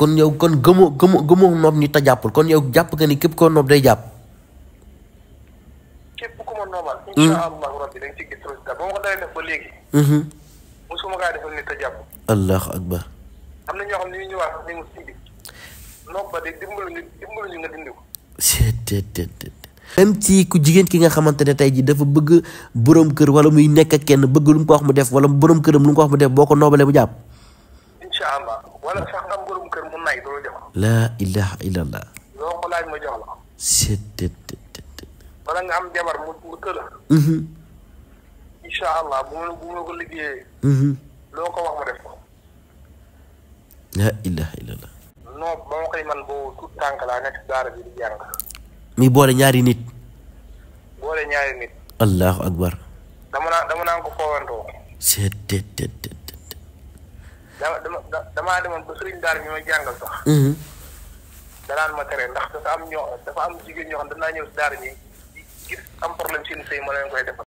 kon yow kon gëmoo gëmoo gëmoo noob nit a jàppul kon yow jàpp nga ni képp koo noob day jàpp. képp hmm. allahu rabbi dañ ci gis résultat hmm. am na ñoo xam ne ñu ñëwaat ñu jigéen ki nga xamante ne tey jii dafa bëgg borom kër wala muy nekk kenn bëgg lu mu ko wax mu def wala borom këram lu mu ko wax mu def boo ko noobalee mu jàpp. incha allah wala sax nga am borom kër mu laa ilaha illallah. loo ko laaj ma jox la. wala nga am jabar mu mu tëla. Mhm. incha allah bu ma bu ma ko liggéeyee. Mhm. loo ko wax ma def laa ilaha illallah. non ba koy man boobu tout tànk laa nekk daara bi di jàng. mi boole ñaari nit. boole ñaari nit. allahu akbar. dama naa dama naa ko foowantoo. seet dama dama damaa demoon ba sëriñ daara bi may jàngal sax. Mhm. danaan ma tere ndax dafa am ñoo dafa am jigéen ñoo xam danaa ñëw si daara ñi gis am problème seen sëy ma leen koy defal.